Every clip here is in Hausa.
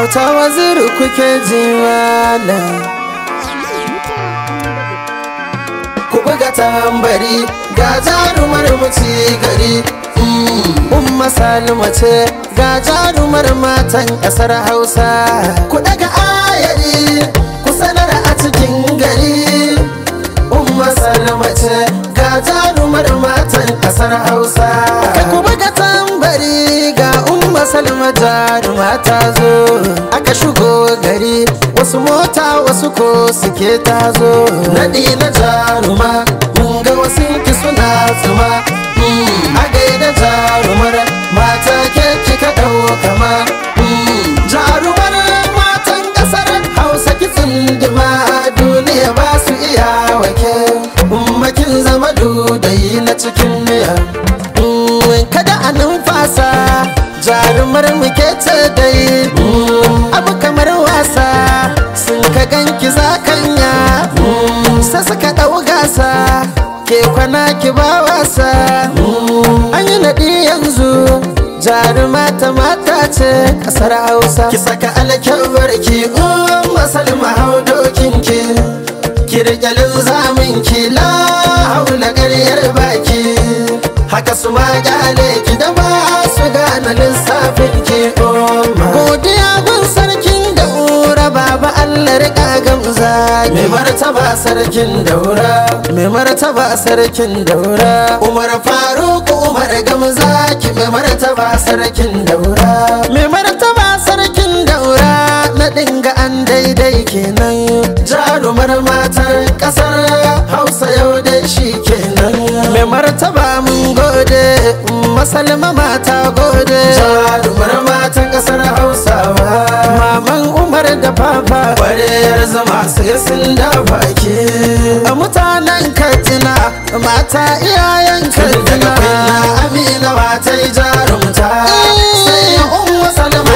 auta waziri kuke jin malam ku buga tambari ga jarumar mace gari mm, umma salma ce ga jarumar matan ƙasar hausa ku daga ayari aka shigo gari wasu mota wasu ko suke tazo naɗi na jaruma ga wasu ki suna zuma. Hmm, a gaida jarumar mata ke kika ɗau kama hmm, jarumar matan ƙasar hausa kitsin dima duniya ba su iya wake makin zama dudayi na cikin miya hmm, kada a numfasa jarumar muke ce dai abu kamar wasa sun ka ganki zakanya sa suka ɗau gasa ke kwana ki ba wasa an yi naɗi yanzu jarumata ta mata ce ƙasar hausa ki saka alakin barki um masal mahaudokinki ki riƙe linzamin ki la fice umma oh godiya gun sarkin daura baba Allah rika gamza mai martaba sarkin daura mai martaba sarkin daura umar faruk umar gamza ki mai martaba sarkin daura mai martaba sarkin daura na dinga an daidai kenan jarumar matar kasar hausa yau dai shi kenan mai martaba salma mata gode jarumar matan kasar hausawa maman umar da papa kwariyar zama su sun da baki a mutanen katina mata iyayen katsina amina mata jarumta eh, sai umma salma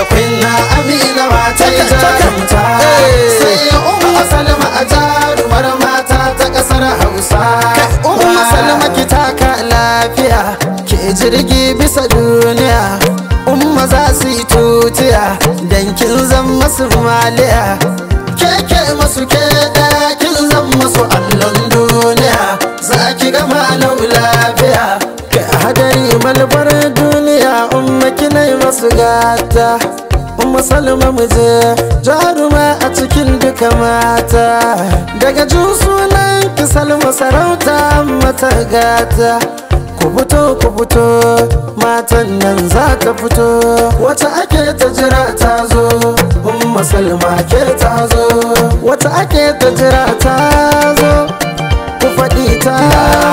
da Amina amina ta yi jarumta sai ya salama a jarumar mata ta kasar hausa umma salama ki taka lafiya ke jirgi bisa duniya umma za su yi tutiya dan kin zan masu maliya keke masu ke kin zan masu allon duniya za ki gama lau lafiya ka hadari malbar masu gata Umma Salma muje jaruma a cikin duka mata Daga jin sunan ki Salma sarauta mata gata Ku fito ku fito matan nan za ta fito Wata ake ta jira ta zo Umma Salma ke ta zo Wata ake ta jira ta zo Ku faɗi ta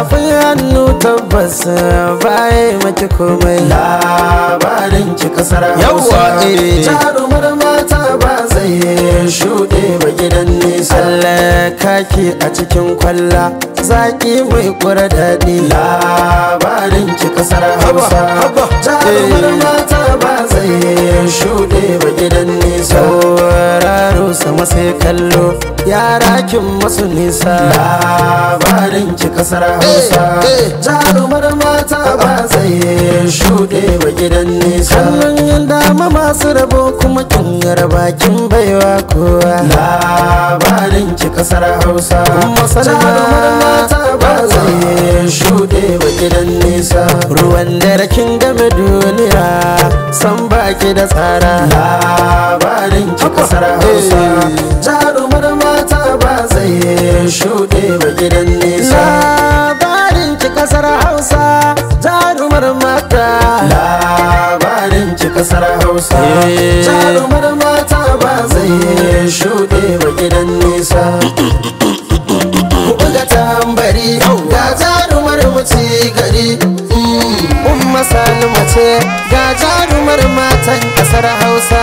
tafin hannu tabbas baya maki komai labarin ki kasar hausa eh. jarumar ta ba zai shuɗe ba gidan nisa Allah kaki a cikin kwalla zaki mai kura daɗi labarin ki kasar hausa jarumar ta ba zai shuɗe ba gidan sama sai kallo yara kin masu nisa labarin ki kasar hausa eh, eh. jarumar mata ba zai shuɗe wa gidan nisa hannun dama masu rabo kuma kin bakin baiwa kowa labarin ki kasar hausa jarumar mata ba zai shuɗe wa gidan nisa ruwan dare kin game duniya san ake da tsara labarin ki kasar hausa eh. jarumar mata ba zai shuɗe ba gidan nesa labarin ki kasar hausa jarumar mata labarin ki kasar hausa eh. jarumar mata ba zai shuɗe ba gidan nesa ku tambari ga jarumar mace gari mm. Umma Salma ce jarumar matan kasar hausa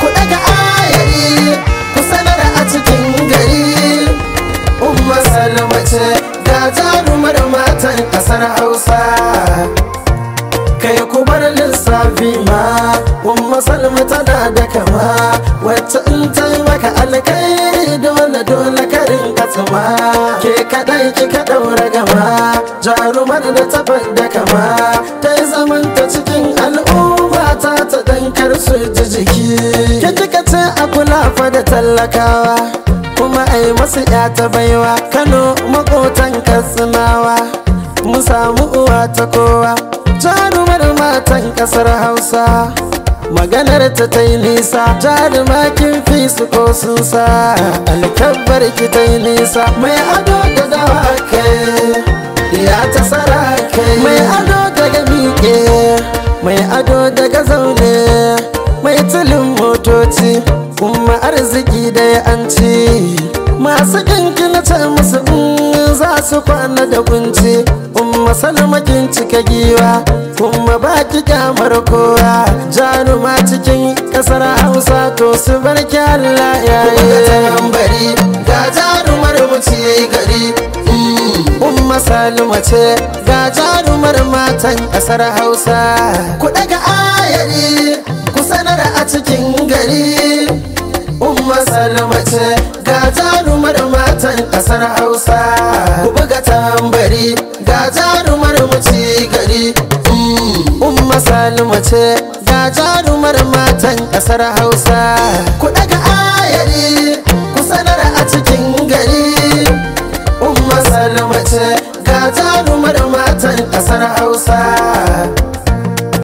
ku daga ayari ku sanar a cikin gari umma salama ce ga jarumar matan kasar hausa kai ku bar lissafi ma umma salama tana da kama wacce in taimaka maka alkai dole dole karin katsama ke kadai kika daura gama jarumar da ta da kama ta fa da tallakawa kuma ai masu ya ta baiwa kano makotan katsinawa mu samu uwa ta kowa jarumar matan kasar hausa maganar ta ta yi nisa jaruma kin fi su ko sun sa ki ta yi nisa mai ado da zawa kai arziki da an masu kinki na ce musu mm, za su kwana da kunci in kin cika giwa kuma baki kamar kowa ma cikin kasar hausa to su bar Allah yayi ga jarumar mu yayi gari umma salma ce ga jarumar matan kasar hausa ku daga ayari ku sanar a cikin gari masar mace ga jarumar matan kasar hausa ku buga tambari ga jarumar mm, mace gari umma salma ce ga jarumar matan kasar hausa ku daga ayari ku sanar a cikin gari umma salma ce ga jarumar matan kasar hausa